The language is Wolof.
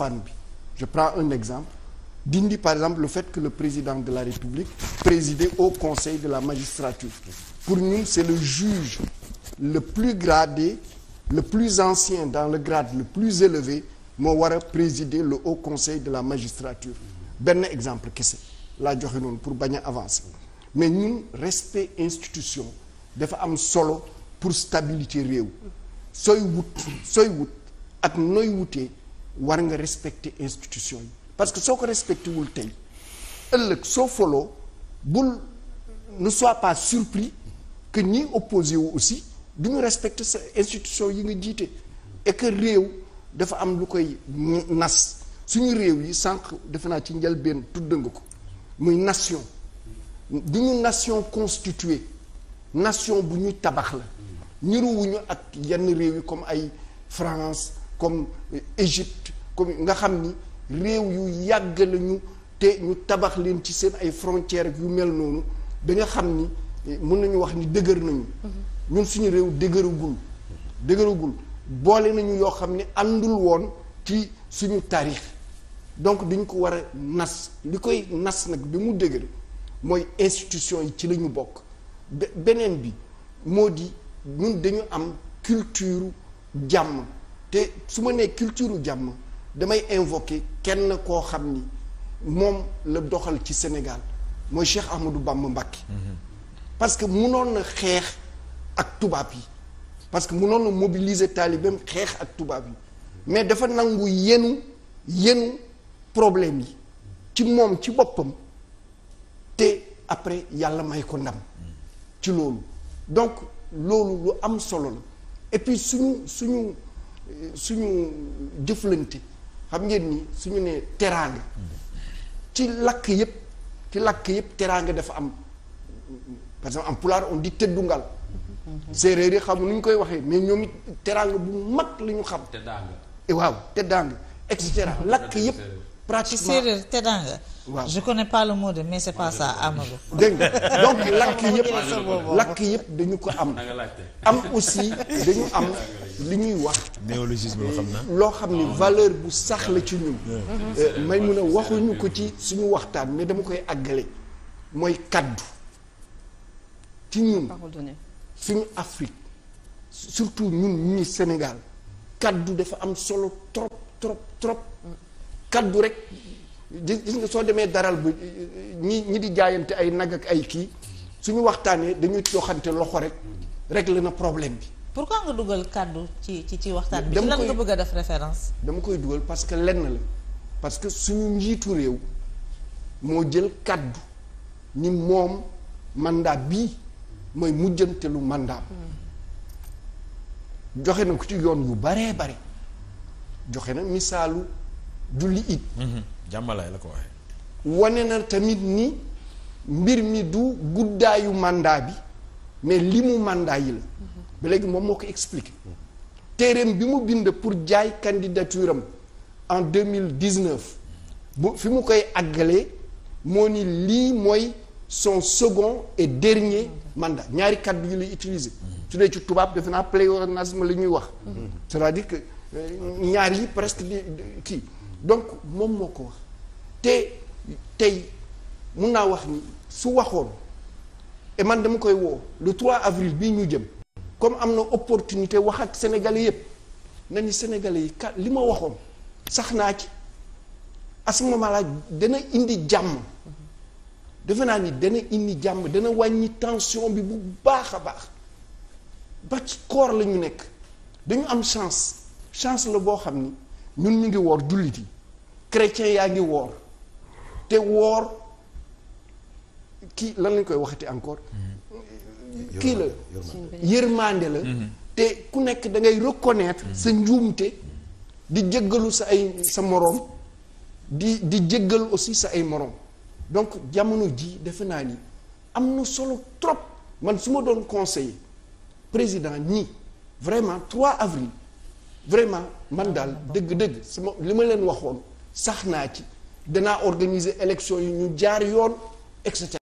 fan bi je prends un exemple dindi par exemple le fait que le président de la République présidait au conseil de la magistrature pour ñun c'est le juge le plus gradé le plus ancien dans le grade le plus élevé moo war a présider le haut conseil de la magistrature benn exemple kese laa joxe noonu pour bañ a avancer mais ñun respect institution dafa am solo pour stabilité réew sooy wut sooy wut ak nooy wutee war nga respecter institution parce que soo ko respecté wul tey ëllëg soo foloo bul ne soit pas surpris que ñi opposé wu aussi du ñu respecter sa institution yi nga jiite et que réew dafa am lu koy nas suñu réew yi sànq defe naa ci njëlbeen tudd nga ko muy nation du ñu nation constituée nation bu ñuy tabax la niruwuñu ak yenn réew yi comme ay France comme euh, Égypte comme nga xam ni réew yu yàgg la te ñu tabax leen ci seen ay frontières yu mel noonu ba xam ni eh, mën nañu wax ni dëgër nañu. Mm-hmm. ñun suñu réew dëgëragul dëgëragul boole nañu yoo xam ne àndul woon ci suñu taarix donc dañ ko war a nas li koy nas nag bi mu dëgër mooy institution yi ci la ñu bokk beneen bi moo di ñun dañu am culture jàmm. te su ma nee culture jàmm damay invoquer kenn koo xam ni moom la doxal ci Sénégal mooy Cheikh Ahmadou Bamba Mbacké mhm. parce que munoon na xeex ak tubaab yi parce que munoon na mobiliser taalibeem xeex ak tubaab yi mais dafa nangu yenu yenu problème yi ci moom ci boppam te après yàlla may ko ndam ci loolu donc loolu lu am solo la et puis suñu suñu suñu jëflante xam ngeen ni suñu ne teraanga ci lakk yëpp ci lakk yëpp teraanga dafa am par exemple am pulaar on dit tëddungal séeréer yi xam nu ñu koy waxee mais ñoom it teraanga bu mag la ñu xam. tëddanga waaw tëddanga et cetera lakk yëpp. pratiquement séeréer tëddanga. waaw je connais pas le mot de mais c'est pas ça Amadou. donc lakk yëpp lakk yëpp dañu ko am. am aussi dañu am. li ñuy wax. néologisme loo xam naa loo xam ni valeur bu sax la ci ñun. may mun a waxuñu ko ci suñu waxtaan mais dama koy àggale mooy kaddu ci ñun suñu Afrique surtout ñun ñi Sénégal kaddu dafa am solo trop trop trop kaddu rek. gis nga soo demee daral bu ñi ñi di jaayante ay nag ak ay kii suñu waxtaanee dañuy joxante loxo rek régler na problème bi pourquoi nga dugal kàddu ci ci ci waxtaan bi. ci lan nga bëgg a def référence. dama koy dugal parce que lenn la parce que suñu njiitu réew moo jël kàddu ni moom mandat bi mooy mujjante lu mandat hmm. joxe na ko ci yoon yu baree bare joxe na misaalu julli it. Hmm. jàmmalaay la ko wane na tamit ni mbir mi du guddaayu màndaa bi. mais li mu mandat yi la. ba léegi moom moo ko expliqué. téereem bi mu bind pour jaay candidature am en mille dix neuf bu fi mu koy aggalee moo ni lii mooy son second et dernier mandat ñaari kàddu yu la utiliser. su dee ci tubaab defe naa pléonasme la ñuy wax. c'est-à-dire que euh, ñaari yi presque di kii donc moom moo ko wax te tey mun naa wax ni su waxoon. man dama koy woo lu 3 avril bii ñu jëm comme am na opportunité wax ak sénégalais yépp nañu sénégalais yi ka li ma waxoon sax naa ci à malaaj dana indi jàmm defe naa ni dana indi jàmm dana wàññi tension bi bu baax a baax ba ci koor la ñu nekk dañu am chance chance la boo xam ni ñun ñu ngi woor jullit yi chrétien yaa ngi woor te woor kii lan lañ koy waxati encore mm-hmm. kii la yërmande la mm-hmm. te ku nekk da ngay reconnaître mm-hmm. sa njuumte di jëggalu sa ay sa moroom di di jëggal aussi sa ay moroom donc jamono ji defe naa ni am na solo trop man su ma doon conseil président ñi vraiment 3 avril vraiment man daal dëgg-dëgg sama li ma leen waxoon sax naa ci danaa organiser élection yi ñu jaar yoon et